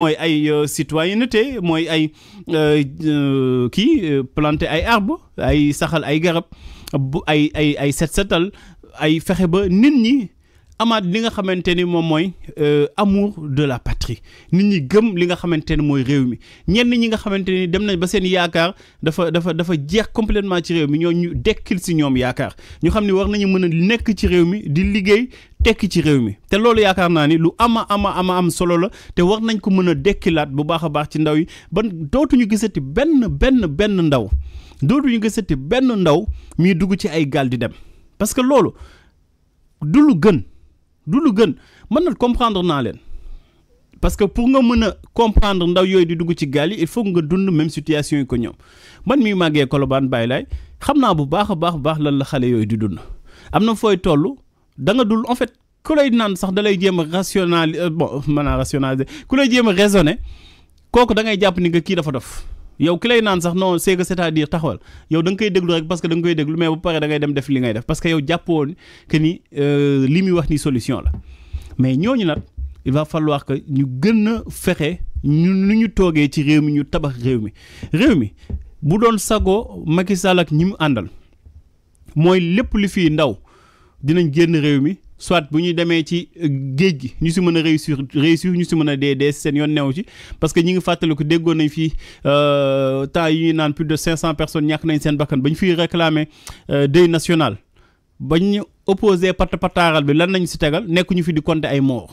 mooy ay euh, citoyenneté mooy ay euh, euh, kii planter ay arbre ay saxal ay garab bu ay ay ay set setal ay fexe ba nit ñi amaat li nga xamante ni moom mooy amour de la patrie nit ñi gëm li nga xamante ni mooy réew mi ñenn ñi nga xamante ni dem nañ ba seen yaakaar dafa dafa dafa jeex complètement ci réew mi ñoo ñu dekkil si ñoom yaakaar ñu xam ni war nañu mën a nekk ci réew mi di liggéey tekki ci réew mi te loolu yaakaar naa ni lu ama ama ama am solo la te war nañ ko mën a dekkilaat bu baax a baax ci ndaw yi ba dootuñu gisati benn benn benn ndaw dootuñu gisati benn ndaw muy dugg ci ay gaal di dem parce que loolu du lu gën du lu gën mën na comprendre naa leen parce que pour nga mën a comprendre ndaw yooyu di dugg ci gaal yi il faut nga dund même situation yi ko ñoom man mii màggee Colobane baay laay xam naa bu baax a baax baax lan la xale yooyu di dund am na fooy toll. da nga dul en fait ku lay naan sax dalay jéem a rational euh, bon maanaam rationalisé ku lay jéem a kooku da ngay jàpp ni nga kii dafa dof yow ki lay naan sax non see que cest taxawal yow danga koy déglu rek parce que da nga koy déglu mais bu paree da ngay dem def li ngay def parce que yow jàppoon que ni euh, li muy wax ni solution la mais ñooñu nag il va falloir que ñu gën a fexe ñu nu ñu toogee ci réew mi ñu tabax réew mi réew mi bu doon sagoo Macky Sall ak ñi mu àndal mooy lépp li fii ndaw. dinañ génn réew mi soit bu ñuy demee ci euh, géej gi ñu si mën a réussir réussir ñu si mën a dee dee seen yoon new ci parce que ñu ngi fàttaliku déggoon nañ fii euh, temps yi naan plus de cinq cent personnes ñàkk nañ seen bakkan ba ñu fiy réclamer euh, deuil national ba ñu opposé pat pataaral bi lan nañ si tegal nekk ñu fi di compter ay moor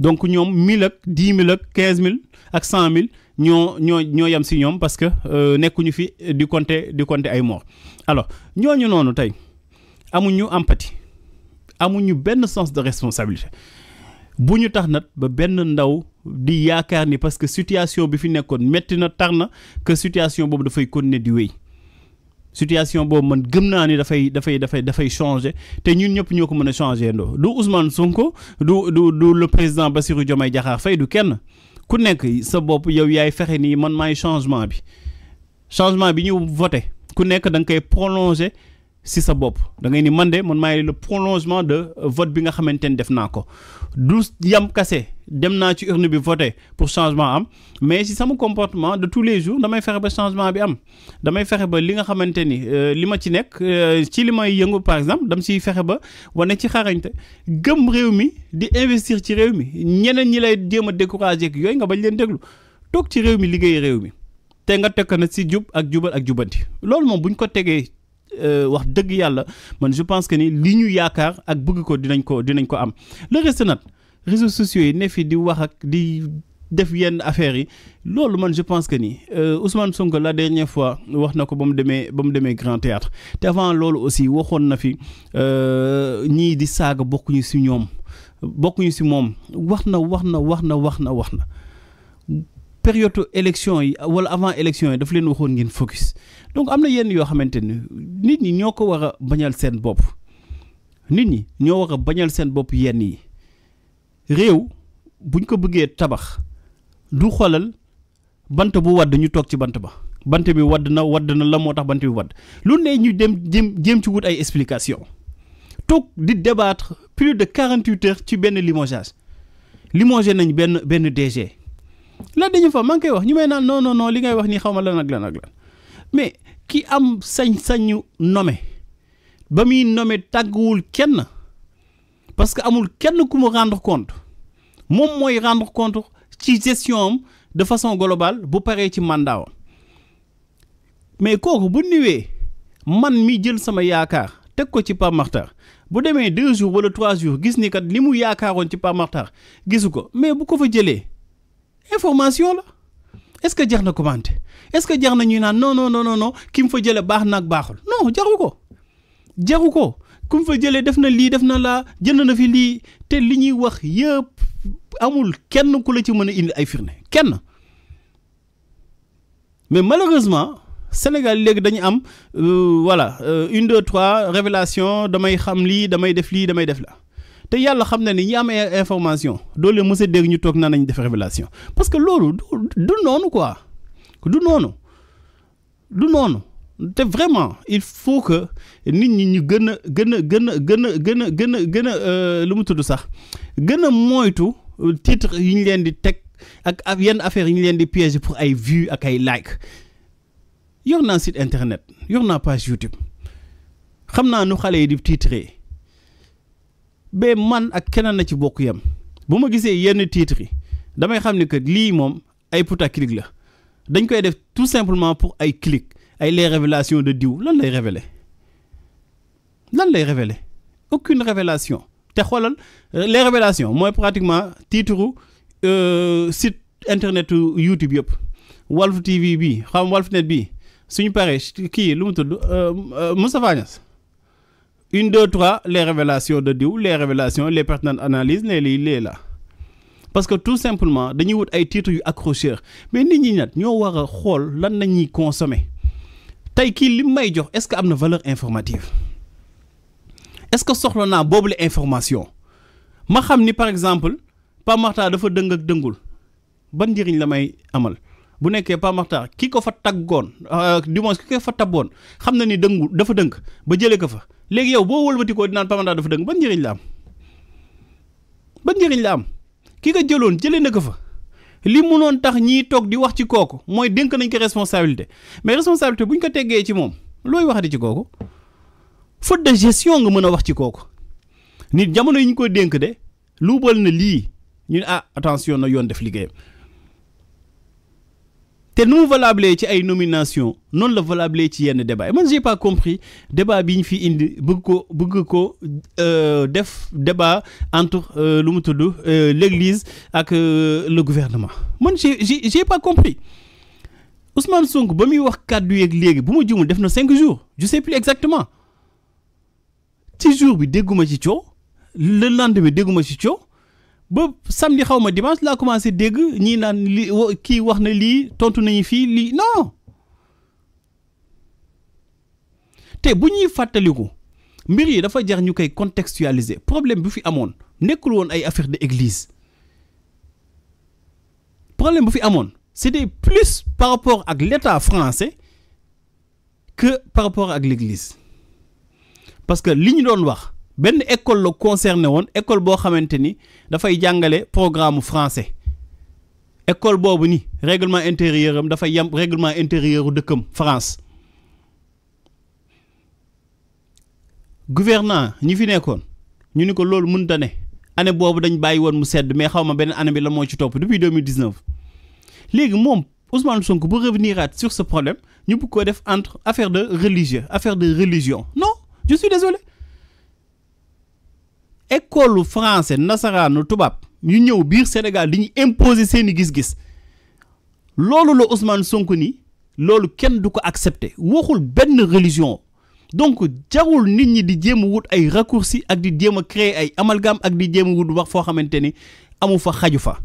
donc ñoom mille ak dix mille ak quinze mille ak cent mille ñoo ñoo ñoo yem si ñoom parce que nekkuñu fi di compter di compter ay morts alors ñooñu noonu tey amuñu empathie amuñu benn sens de responsabilité bu ñu tax nag ba benn ndaw di yaakaar ni parce que situation bi fi nekkoon métti na tar na que situation boobu dafay continuer di wéy situation boobu man gëm naa ni dafay dafay dafay dafay changer te ñun ñëpp ñoo ko mën a changer ndoo du Ousmane Sonko du du du le président Bassirou jomay Diakhar Faye du kenn ku nekk sa bopp yow yaay fexe nii man maay changement bi changement bi ñu voté ku nekk da nga koy prolonger. si sa bopp da ngay ni man de man maay le prolongement de vote bi nga xamante ni def naa ko du yam kase dem naa ci urne bi voté pour changement am mais si sama comportement de tous les jours damay fexe ba changement bi am damay fexe ba li nga xamante ni euh, li ma ci nekk euh, ci li may yëngu par exemple dam siy fexe ba wane ci xarañte gëm réew mi di investir ci réew mi ñeneen ñi lay jéem a découragé ak yooyu nga bañ leen déglu toog ci réew mi liggéey réew mi te nga teg na si jub ak jubal ak jubanti loolu moom buñ ko tegee Euh, wax dëgg yàlla man je pense que nii li ñu yaakaar ak bëgg ko dinañ ko dinañ ko am le reste nag réseaux sociaux yi ne fi di wax ak di def yenn affaires yi loolu man je pense que ni euh, Ousmane sonk la dernière fois wax na ko ba mu demee ba mu demee Grand Théâtre te avant loolu aussi waxoon na fi euh, ñii di saaga bokkuñu si ñoom bokkuñu si moom wax na wax na wax na wax na wax na période élection yi wala avant élection yi daf leen waxoon ngeen focus donc am na yenn yoo xamante ni nit ñi ñoo ko war a bañal seen bopp nit ñi ñoo war a bañal seen bopp yenn yi réew buñ ko bëggee tabax du xoolal bant bu wadd ñu toog ci bant ba bant bi wadd na wadd na la moo tax bant bi wadd lu ne ñu dem jéem jéem ci wut ay explication toog di débatre plus de quarante-huit ci benn limogeage limogé nañ benn benn DG la dañu fa maa ngi koy wax ñu may naan non non non li ngay wax ni xaw ma lan ak lan ak lan mais ki am sañ-sañu nome ba muy nommé tàgguwul kenn parce que amul kenn ku mu rendre compte moom mooy rendre compte ci gestion am de façon globale bu paree ci mandat mais kooku bu nuwee man mi jël sama yaakaar teg ko ci Pape bu demee deux jours wala trois jours gis ni kat li mu yaakaaroon ci Pape gisu ko mais bu ko fa jëlee information la est-ce que jar na commenter est-ce que jar na ñuy naan non non non non ki mu fa jëlee baax na ak baaxul non jaru ko jaru ko ku fa jëlee def na lii def na laa jënd na fi lii te li ñuy wax yëpp amul kenn ku la ci mën a indi ay firnde kenn mais malheureusement. Sénégal léegi dañu am euh, voilà euh, une deux trois révélation damay xam lii damay def lii damay def la te yàlla xam na ni ñi am information doo leen dégg ñu toog na nañ def révélation parce que loolu du du noonu quoi du noonu du noonu te vraiment il faut que nit ñi ñu gën a gën a gën a gën a gën a gën a gën a euh, lu mu tudd sax gën a moytu euh, titre yi ñu leen di teg ak yenn affaire yi ñu leen di piéger pour ay vues ak ay like yor naa site internet yor naa page YouTube xam naa nu xale yi di titrer ba man ak keneen na ci bokk yam bu ma gisee yenn titres yi damay xam ni que lii moom ay putaclic la dañ koy def tout simplement pour ay clic ay les révélations de diw lan lay révéler lan lay révéler aucune révélation te xoolal euh, les révélations mooy pratiquement titre euh, site internet YouTube yëpp Walf TV bii xam Walf net bii suñu paree kii lu mu tudd euh, Moustapha Niass une deux trois les révélations de diw les révélations les pertinentes analyses les lii lee la parce que tout simplement dañuy wut ay titres yu accrocheur mais nit ñi nat ñoo war a xool lan la ñuy consommer tey kii li may jox est-ce que am na valeur informative est-ce que soxla naa boobu la information ma xam ni par exemple Pape dafa dëng ak dëngul ban njëriñ la may amal bu nekkee Pape Makhtar ki ko fa taggoon euh, du moins ki ko fa tabboon xam na ni dëngu dafa dëng ba jëlee ko fa. léegi yow boo wëlbatikoo di naan pamanda dafa dëng ban njëriñ la am ban njëriñ la am ki nga jëloon jëlee na ko fa li munoon tax ñiy toog di wax ci kooku mooy dénk nañ ko responsabilité mais responsabilité bu ñu ko teggee ci moom looy waxati ci kooku faute de gestion nga mën a wax ci kooku nit jamono yi ñu ko dénk de luubal na lii ñu ne ah attention na yoon def liggéeyam. te nu mu valable ci ay nomination noonu la valable ci yenn débat yi man j'ai pas compris débat bi ñu fi indi bëgg ko bëgg ko euh, def débat entre euh, lu mu tudd euh, l'église ak le gouvernement man j'ai j'ai pas compris Ousmane Sonko ba muy wax kàddu yeeg léegi bu ma jumul def na cinq jours je sais plus exactement ci jour bi dégguma ci coow le lendemain dégguma ci coow ba samedi xaw ma dimanche laa commencé dégg ñii naan li kii wax na lii tontu nañu fii lii non te bu ñuy fàttaliku mbir yi dafa jar ñu koy contextualiser problème bu fi amoon nekkul woon ay affaire de église problème bu fi amoon c'était plus par rapport ak l'État français que par rapport ak l'église parce que li ñu doon wax benn école la concerné woon école boo xamante ni dafay jàngale programme français école boobu ni réglement intérieur am dafay yem réglement intérieur dëkkam France gouvernant ñi fi nekkoon ñu ni ko loolu mënta ne ane boobu dañ bàyyi woon mu sedd mais xaw ma beneen année bi la moo ci topp depuis 2019 léegi moom Ousmane Sonko bu reveniraat sur ce problème ñu bëgg ko def entre affaire de religieux affaire de religion non je désolé école français nasaraanu tubaab ñu ñëw biir Sénégal di ñu imposer seen i gis-gis loolu la Ousmane Sonko ni loolu kenn du ko accepter waxul benn religion donc jarul nit ñi di jéem a wut ay raccourci ak di jéem a créer ay amalgam ak di jéema a wut wax foo xamante ni amu fa xaju fa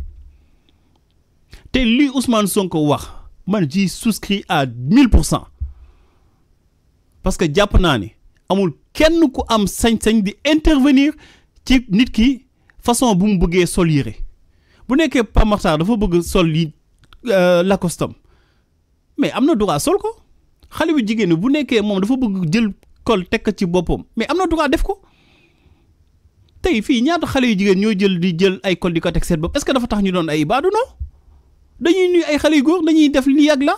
te lii Ousmane Sonko wax man ji souscrit à mille pour cent parce que jàpp naa ni amul kenn ku am sañ-sañ di intervenir ci nit ki façon bu mu bëggee sol yére bu nekkee Pape Makhtar dafa bëgg sol yi euh, lakostam mais am na droit sol ko xale yu jigéen bu nekkee moom dafa bëgg jël kol tekk ci boppam mais am na droit def ko tey fii ñaata xale yu jigéen ñoo jël di jël ay kol di ko teg seen bopp est-ce que dafa tax ñu doon ay ibaadu non dañuy nuy ay xale yu góor dañuy def lii ak la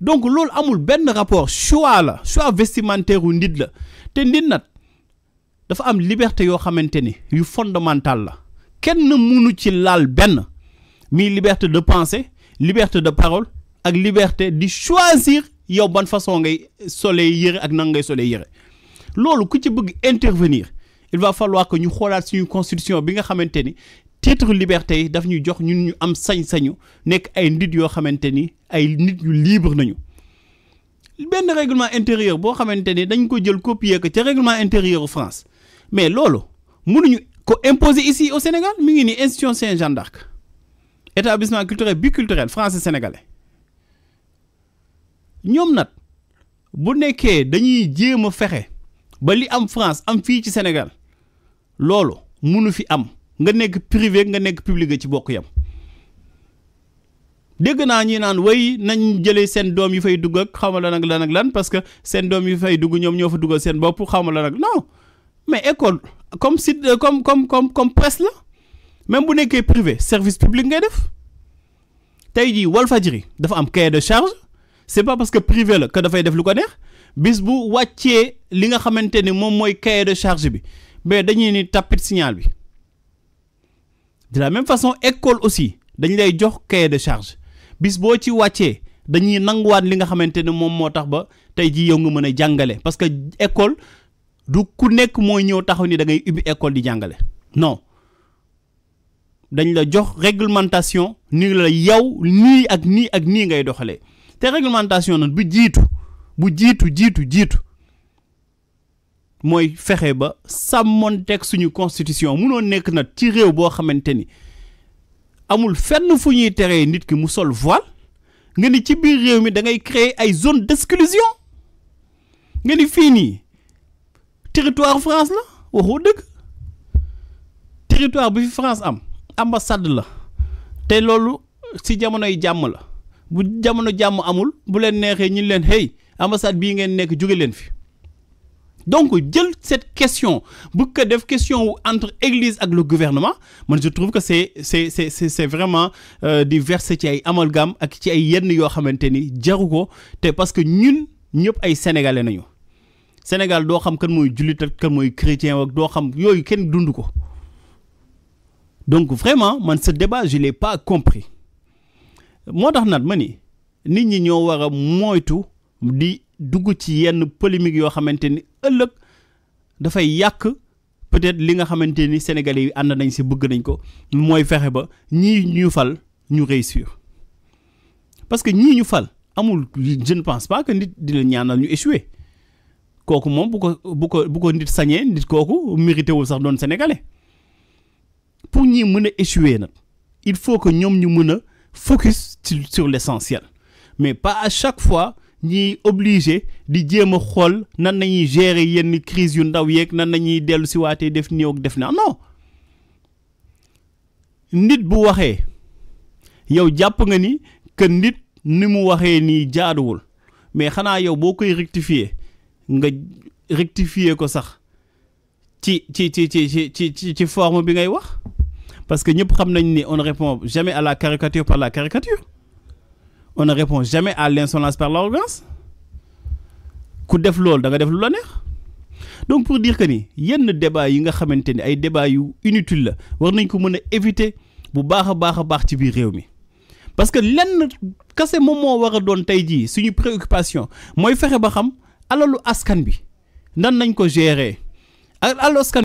donc loolu amul benn rapport choix la choix vestimentaire u nit la te nit nag dafa am liberté yoo xamante ni yu fondamental la kenn munu ci laal benn muy liberté de pensée liberté de parole ak liberté di choisir yow ban façon ngay solee yëre ak nan ngay solee yëre loolu ku ci bëgg intervenir il va falloir que ñu xoolaat suñu constitution bi nga xamante ni titre liberté yi daf ñu jox ñun ñu am sañ-sañu nekk ay nit yoo xamante ni ay nit yu libre nañu benn règlement intérieur boo xamante ni dañ ko jël copier ko ca règlement intérieur France mais loolu mënuñu ko imposer ici au Sénégal mi ngi nii institution Saint-Jean d'Arc établissement culturel biculturel français sénégalais ñoom nag bu nekkee dañuy jéem a fexe ba li am France am fii ci Sénégal loolu mënu fi am nga nekk privé nga nekk public ci bokk yam dégg naa ñi naan way nañ jëlee seen doom yi fay dugg ak xaw ma lan ak lan ak lan parce que seen doom yi fay dugg ñoom ñoo fa duggal seen bopp xaw ma lan ak non. mais école comme site euh, comme comme comme comme presse la même bu nekkee privé service public ngay def tey jii Walfadjri dafa am cahier de charge c'est pas parce que privé la que dafay def lu ko neex bis bu wàccee li nga xamante ni moom mooy cahier de charge bi mais dañuy ni tapit signal bi de même façon école aussi dañ lay jox cahier de charge bis boo ci wàccee dañuy nanguwaat li nga xamante ne moom moo tax ba tey jii yow nga mën a jàngale parce que école du ku nekk mooy ñëw taxaw ni da ngay ubbi école di jàngale no dañ la jox réglementation ni la yow nii ak nii ak nii ngay doxalee te réglementation nag bu jiitu bu jiitu jiitu jiitu mooy fexe ba sàmmonteeg suñu constitution munoo nekk nag ci réew boo xamante ni amul fenn fu ñuy teree nit ki mu sol voile nga ni ci biir réew mi da ngay créer ay zone d'exclusion nga ni fii nii territoire France la waxoo dëgg territoire bi fi France am ambassade la te loolu si jamonoy jàmm la bu jamono jàmm amul bu leen neexee ñu leen hey ambassade bii ngeen nekk jóge leen fi donc jël cette question bu ko def question wu entre église ak le gouvernement man je trouve que c'est c'est c'est c'est vraiment euh, di verser ci ay amalgame ak ci ay yenn yoo xamante ni jaru ko te parce que ñun ñëpp ay sénégalais nañu. Sénégal doo xam kan mooy jullit ak kan mooy chrétien ak doo xam yooyu kenn dund ko donc vraiment man sa débat je l'ai pas compris moo tax nag ma ni nit ñi ñoo war a moytu di dugg ci yenn polémique yoo xamante ni ëllëg dafay yàq peut-être li nga xamante ni sénégalais yi ànd nañ si bëgg nañ ko mooy fexe ba ñii ñu fal ñu réussir parce que ñii ñu fal amul je ne pense pas que nit di la ñaanal ñu échouer kooku moom bu ko bu ko bu ko nit sañee nit kooku mérité wul sax doon sénégalais pour ñi mën a échouer nag il faut que ñoom ñu mën a focus sur l'essentiel mais pas à chaque fois ñiy obligé di jéem a xool nan nañuy gérer yenn crise yu ndaw yeeg nan nañuy dellu si waatee def nii ak def naa non nit bu waxee yow jàpp nga ni que nit ni mu waxee nii jaaduwul mais xanaa yow boo koy rectifier nga rectifier ko sax ci ci ci ci ci ci forme bi ngay wax parce que ñëpp xam nañ ni on ne répond jamais à la caricature par la caricature on ne répond jamais à l'insolence par l'arrogance ku def loolu da nga def lu la neex donc pour dire que ni yenn débat yi nga xamante ni ay débat yu inutile la war nañ ko mën a éviter bu baax a baax a baax ci biir réew mi parce que lenn kase moom moo war a doon tey jii suñu préoccupation mooy fexe ba xam alalu askan bi nan nañ ko gérer alalu askan